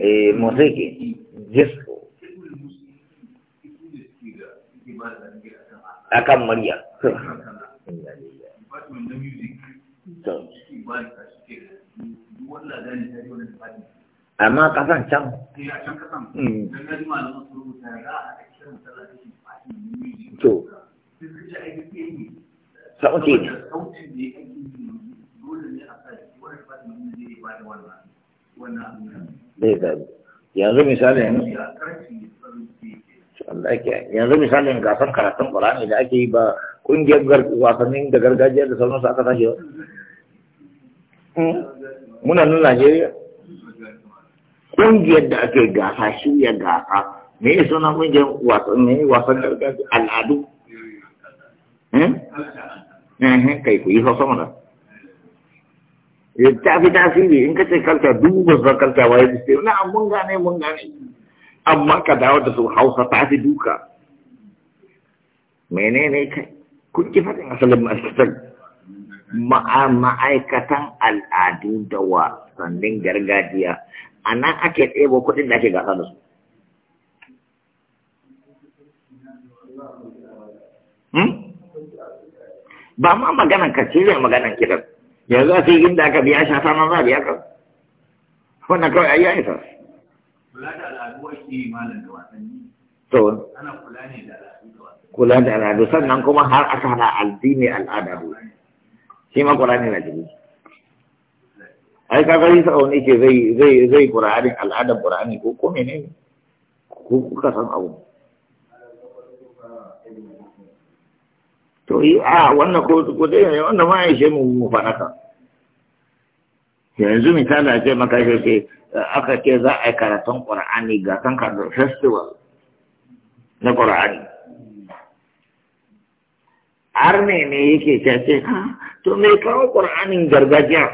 eh musiki disco akan murya amma kasan can hmm. to sauti ne zai zabi yanzu misalin yanzu misalin gasar karatun ƙorani da ake yi ba ƙungiyar wasannin da gargajiya da sauransu aka tashi ba hmm? muna nan najeriya ƙungiyar da ake gasa shirya gasa me ya suna ƙungiyar wasannin wasan gargajiya al'adu hmm? eh, eh, kai ku yi hausa mana ta fi tasiri in ka ce kalta dubu ba kalta waye. da ce na mun gane mun gane amma ka dawo da su hausa ta fi duka menene kai kun ki fadin asalin ma'aikatan ma'aikatan al'adu da wa wasannin gargajiya a nan ake tsebo kuɗin da ake gasa da su hmm? ba ma maganan ka cire maganan kiran yanzu a cikin inda aka biya shafa ma za a biya ka wannan kawai ayi aisa kula al'adu ake malam kula ne da al'adu da wasanni kula da al'adu sannan kuma har aka hana addini al'ada shi ma kula ne na jini ai kaga yi sa'o ne ke zai zai zai qur'anin al'adar qur'ani ko ko menene ko kuka san abu to yi eh, a wannan ko ko dai ne wannan ma ya mu mu ka. yanzu misali a ce maka shi ce aka ce za a yi karatun qur'ani ga san kadar festival na ƙur'ani har ne ne yake ce to me kawo ƙur'anin gargajiya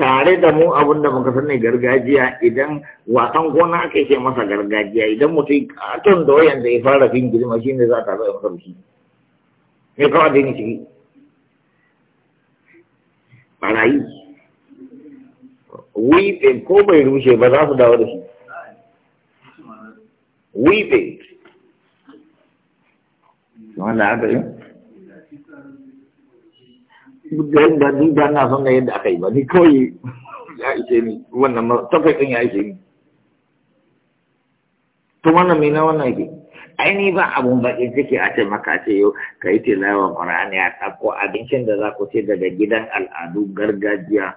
tare da mu abin da muka sani gargajiya idan wasan gona ake ce masa gargajiya idan mutum katon da wayan da ya fara fin girma shine za ta zai masa biki ya kawo addini ciki barayi wipe ko bai rushe ba za su dawo da shi wipe da aka yi da yadda ni ba na ne da yadda ba ni kawai ya ishe ni wannan tafakin ya ishe ni to wannan mai na wannan yake aini ba abun baƙin ciki a ce maka ce yau ka yi tilawan ƙwararri a ɗauko abincin da za ku ce daga gidan al'adu gargajiya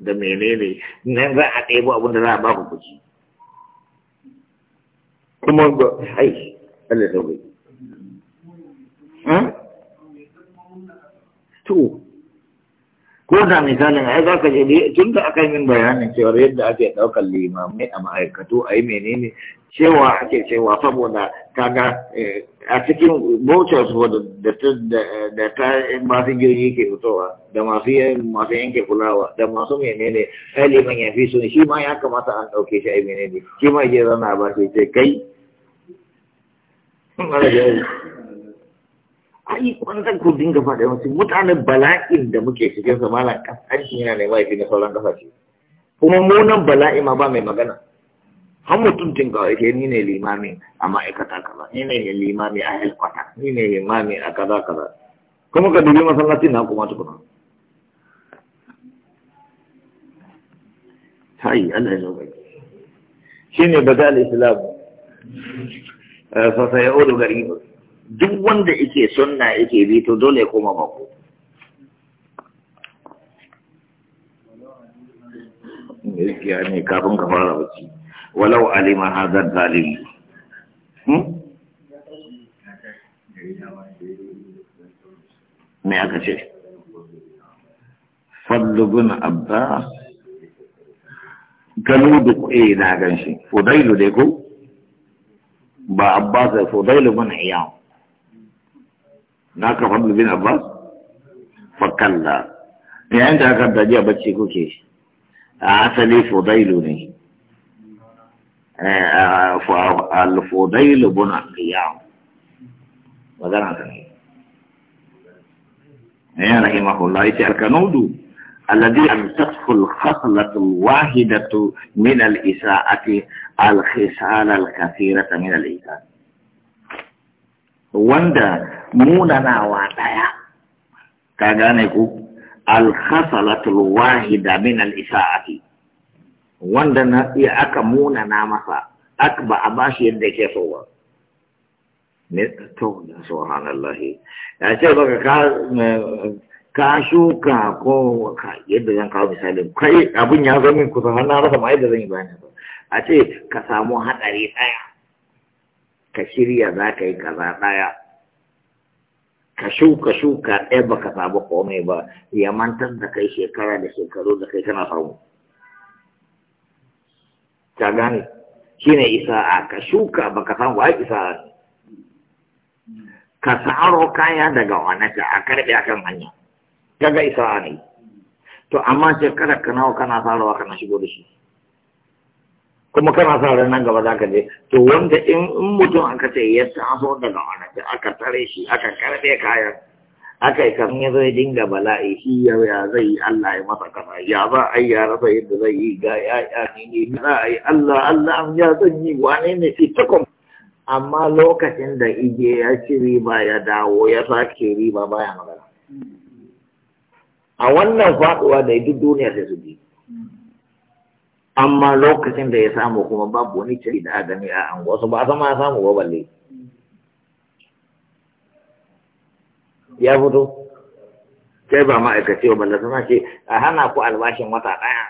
da menene nan za a ɗebo abun da za a ba ku kuci kuma ga ai Allah sauƙi hmm? to ko da misalin ai za ka je tun da aka yi min bayanin cewa yadda ake ɗaukar limamai a ma'aikatu a yi menene cewa ake cewa saboda kaga eh, a cikin bocas su da ta masu jirgi ke fitowa da masu masu yanke kulawa da masu menene ɗaliban ya fi sun shi ma ya kamata an ɗauke shi a menene shi ma ke zana ba sai ce kai ai wannan ku dinga faɗa wasu mutanen bala'in da muke cikin sa malam kasanci yana ne fi na sauran ƙasashe. kuma munan bala'i ma ba mai magana har mutum tun kawai ke ni ne limami a ma'aikata kaza ni ne limami a helkwata ni ne limami a kaza kaza kuma ka dubi masallaci na kuma tukuna hayi Allah ya zo gari shi ne ba zal islam fa eh, sai odu gari duk wanda yake sunna yake bi to dole ya koma bako gaskiya ne kafin ka fara bacci walau alima hadar zalim hmm? me aka ce fadlugun abba gano da Eh na gan shi fudailu dai ko ba abbas da fudailu mana iya na ka fadlu bin abbas fakalla yayin da aka daji a bacci kuke a asali fudailu ne الفضيل بن عقيام يا إيه رحمه الله إيه الكنود الذي لم تدخل الخصلة الواحدة من الإساءة الخصال الكثيرة من الإساءة wanda munanawa واتايا ka gane ku alkhasalatul wahida wanda na iya aka munana masa aka ba a bashi yadda ke so ba ne to da subhanallahi ya ce ba ka ka shuka ko ka yadda zan kawo misalin kai abin ya zo zama kusa har na rasa ma yadda zan yi bayani ba a ce ka samu haɗari ɗaya ka shirya za ka yi kaza ɗaya ka shuka shuka ɗaya baka samu komai ba ya mantar da kai shekara da shekaru da kai kana samu ta gane shine isa'a ka shuka baka san isa. isa'a ka saro kaya daga wanaka a karbe akan hanya kaga isa ne to amma kada ka nawa kana sarowa kana shigo da shi kuma kana sa ran nan gaba za ka je to wanda in mutum aka ce ya taso daga wanaka aka tare shi aka karbe kayan aka yi kan ya zai dinga bala'i shi ya ya zai yi Allah ya masa kama ya ba yi ya rasa yadda zai yi ga ya ya ne ne za a yi Allah Allah an ya zan yi wane ne shi takwam amma lokacin da ije ya ci riba ya dawo ya sake riba baya magana a wannan faɗuwa da duk duniya sai su bi amma lokacin da ya samu kuma babu wani ciri da a gani a anguwa su ba a sama ya samu ba balle ya fito kai ba ma'aikaci ba balla sana ce a hana ku albashin wata ɗaya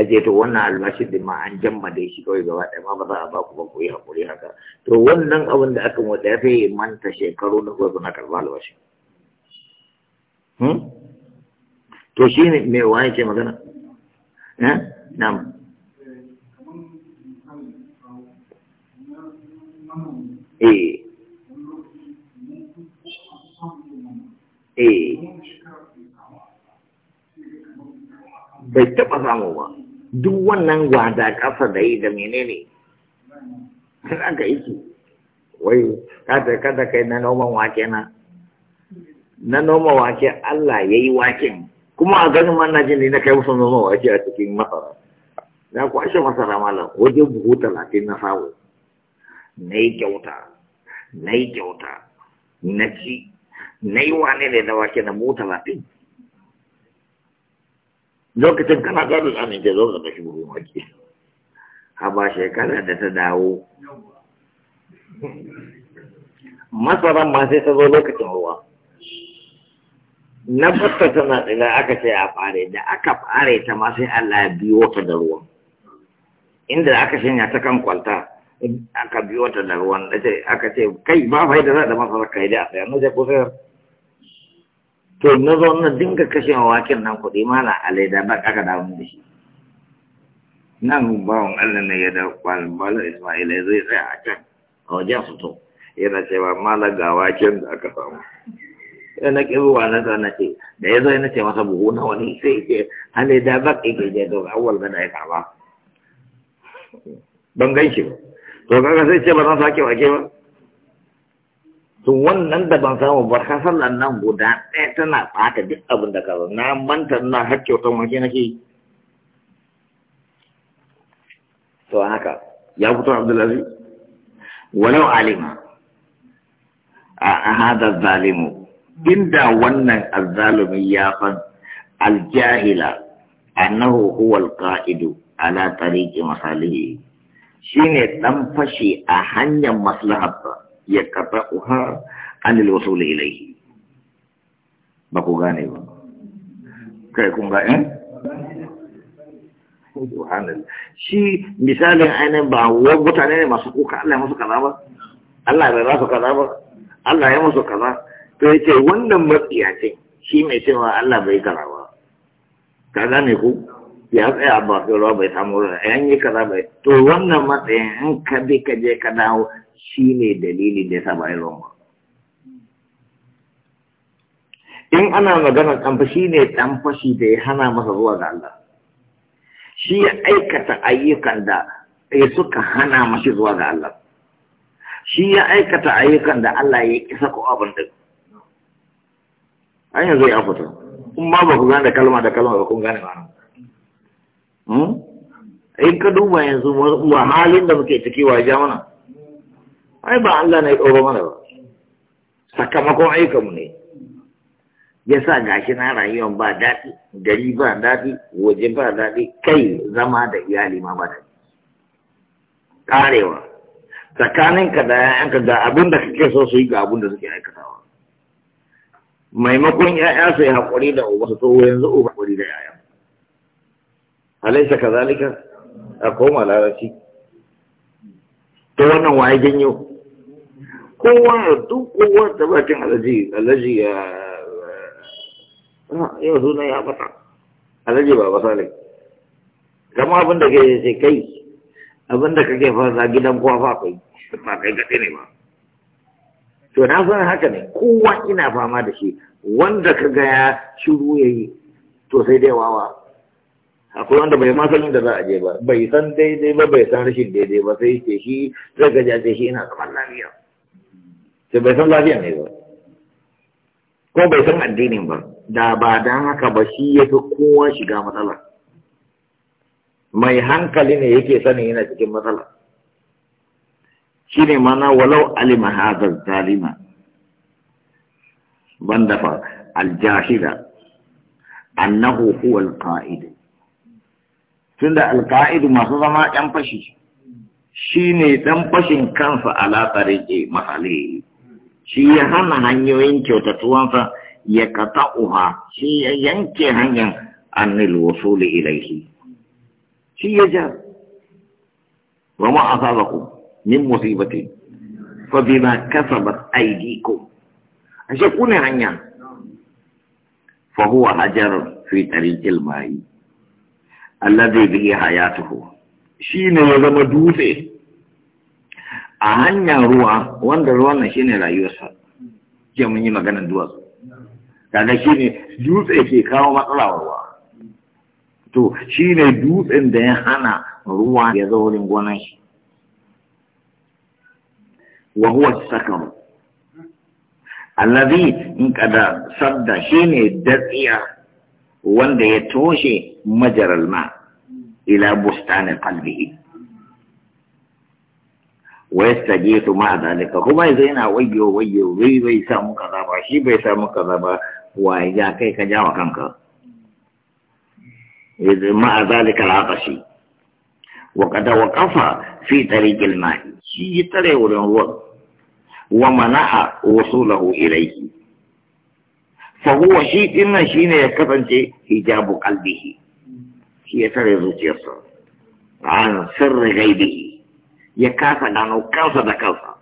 aje to wannan albashin din ma an jamma da shi kawai gaba ɗaya ma ba za a ba ku ba ku yi haƙuri haka to wannan abin da aka motsa ya fi manta shekaru na kuwa na karɓa albashin hmm? to shi ne mai waye ke magana eh eh bai taɓa samu ba duk wannan gwada ƙasa da yi da menene sai aka iki wai kada kada kai na noman wake na na noma wake Allah ya yi waken kuma a ganin mana jin na kai musu noma wake a cikin masara na kwashe masara malam waje buhu talatin na samu na yi kyauta na yi kyauta na ci na yi wane ne na wake na mu talatin lokacin kana gado tsanin ke zo ga tashi burin wake a ba shekara da ta dawo masaran ma sai ta zo lokacin ruwa na fasta tana tsira aka ce a fare da aka fare ta ma sai Allah ya biyo ta da ruwan inda aka shanya ta kan kwalta aka biyo ta da ruwan aka ce kai ba faida da masara kai da a tsaya na je kusa to na zo na dinga kashe waken nan kuɗi mana a da ba aka damu da shi nan bawan Allah ne ya da kwalbala Ismail ya zai tsaya a can a wajen to yana cewa mala ga waken da aka samu sai na ƙi zuwa na zana ce da ya zai na ce masa buhu na wani sai ce hali da ba ƙi ke je to ga awal gada ya kama ban gan shi ba to kaga sai ce ba zan sake wake ba Tun wannan da ban samu ba ka sallar nan guda ɗaya tana ɓata duk abin da ka zo na manta na hakki wata wanke nake to haka ya fito abdulaziz walau alima a hada zalimu inda wannan azzalumi ya fan aljahila annahu huwa alqa'idu ala tariqi masalihi shine dan fashi a hanyar maslaharsa يقطعها عن الوصول إليه بقو غاني كيكون غاني سبحان الله شي مثال أنا بوضبط أنا mutane ne masu kuka Allah kaza ba su kaza ba Allah ya musu kaza to yace wannan matsiya ce shi mai cewa Allah bai kaza ba kaza ne ku ya tsaya ba sai ruwa bai samu ruwa a yi kaza bai to wannan matsayin in ka bi ka je ka dawo shine dalili da ya sa bai ruwan ba in ana magana dan fashi ne dan fashi da ya hana masa zuwa ga Allah shi ya aikata ayyukan da ya suka hana mashi zuwa ga Allah shi ya aikata ayyukan da Allah ya isa ko abin da an yanzu ya fito kuma ba ku gane kalma da kalma ba kun gane ma'ana Hmm? in ka duba yanzu wa halin da muke ciki wa ja mana ai ba Allah ne ɗoro mana ba sakamakon mu ne ya sa gashi na rayuwar ba daɗi gari ba daɗi waje ba daɗi kai zama da iyali ma ba daɗi ƙarewa tsakaninka da ‘ya'yanka ga abin da kake so su yi ga abin da suke aikatawa maimakon ‘ya'ya su yi haƙuri da uba su to yanzu uba haƙuri da ‘ya'ya alaisa kazalika a koma larabci ta wannan waye janyo kowa duk kowa ta bakin alaji alaji ya yau suna ya bata alaji ba ba sale kama abin da kai sai kai abin da kake fasa gidan kowa fa kai ba kai gaɗe ne ba to na san haka ne kowa ina fama da shi wanda ka ga ya shiru yayi to sai dai wawa akwai wanda bai masalin da za a je ba bai san daidai ba bai san rashin daidai ba sai ke shi zai gaja ce shi ina zaman lafiya sai bai san lafiya ne ba ko bai san addinin ba da ba dan haka ba shi ya fi kowa shiga matsala mai hankali ne yake sani yana cikin matsala shi ne mana walau alima hadar zalima ban dafa aljahila annahu huwa alqa'id tunda alka'idu masu zama ɗan fashi shi ne ɗan fashin kansa a latsarin ke masale shi ya hana hanyoyin kyautatuwansa ya kata uha shi ya yanke hanyar annil wasuli ilaihi shi ya ja wa ma asabakum min musibatin fa bima kasabat aydikum ashe kuna hanya fa huwa hajar fi tariqil ma'i allazi bi hayatuhu shine ya zama dutse a hanyar ruwa wanda ruwan nan shine rayuwarsa ke mun yi maganar duwatsu shi shine dutse ke kawo matsala ruwa to shine dutsen da ya hana ruwa ya zo wurin gonan shi wa huwa sakam allazi in kada shi shine datsiya wanda ya toshe majaral ma ila bustani qalbihi wa yastajitu ma zalika kuma yanzu yana wayyo wayyo bai bai samu kaza ba shi bai samu kaza ba wa ya kai ka jawa kanka yanzu ma dalika al-atashi wa kafa fi tariq al-ma'i shi tare wurin ruwan, wa mana'a wusulahu ilayhi shi, shi ya kasance hijabu kalbihi shi Ya tare zuciyarsa An sirri gaibihi. Ya kasa gano kansa da kansa.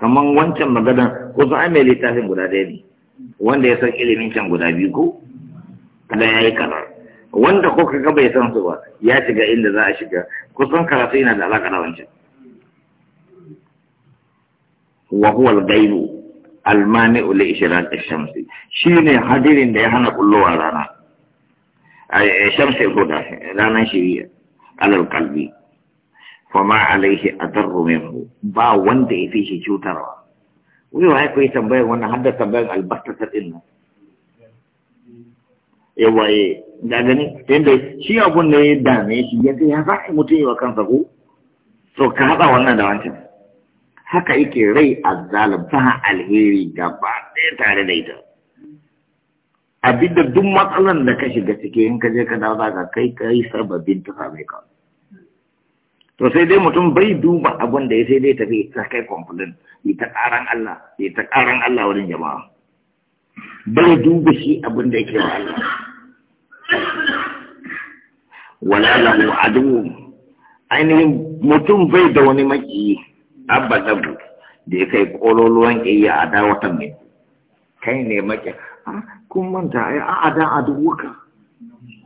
kaman wancan maganar. ko su a mai littafin guda ɗaya ne wanda ya san ilimin can guda biyu ko kada ya yi karar wanda ko kaga bai san su ba ya shiga inda za a shiga kusan karatu yana da alaƙa da wancan wa huwa al-ghaibu almani ule ishirar shamsi shi ne hadirin da ya hana kullowa rana a eh, shamsi guda ranar shiriya alal kalbi kuma alaihi a tarru minhu ba wanda ya fi shi cutarwa wani wa haifai tambayar wannan hadda tambayar albastatar din nan yawaye eh, da gani yadda shi abun da ya dame shi yadda ya za a mutu yi wa kansa ko so ka haɗa wannan da wancan haka yake rai azzalim ta alheri gaba ɗaya tare da ita abinda duk matsalan da ka shiga ciki in ka je ka dawo za ka kai kai sababin ta same ka to sai dai mutum bai duba abin da ya sai dai tafi ta kai complain yi ta karan Allah yi ta karan Allah wurin jama'a bai duba shi abin da yake wa Allah wala lahu adu ainihin mutum bai da wani makiyi abba zabu da ya kai kololuwan iya a dawatan mai kai ne make kun manta ai a da a duwuka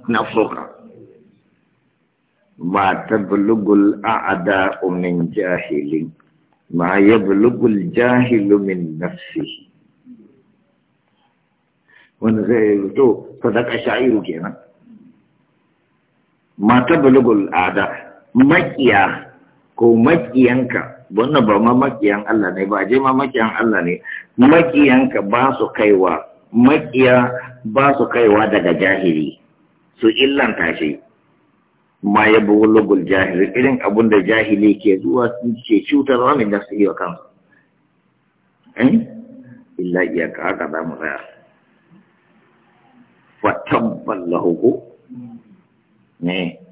na fuka ma a da umin jahilin ma bulugul jahilu min nafsi. wanda zai to sadaka sha'iru kenan ma a ada, makiya ko makiyanka wannan ba ma makiyan Allah ne ba je ma makiyan Allah ne makiyanka ba su kaiwa makiya ba su kaiwa daga jahili su illan tashi ma ya bugulugul jahili irin abun da jahili ke zuwa ke cutarwa ne da su yi wa kansu eh? illa ka haka za mu tsaya fatabban lahuku mm. ne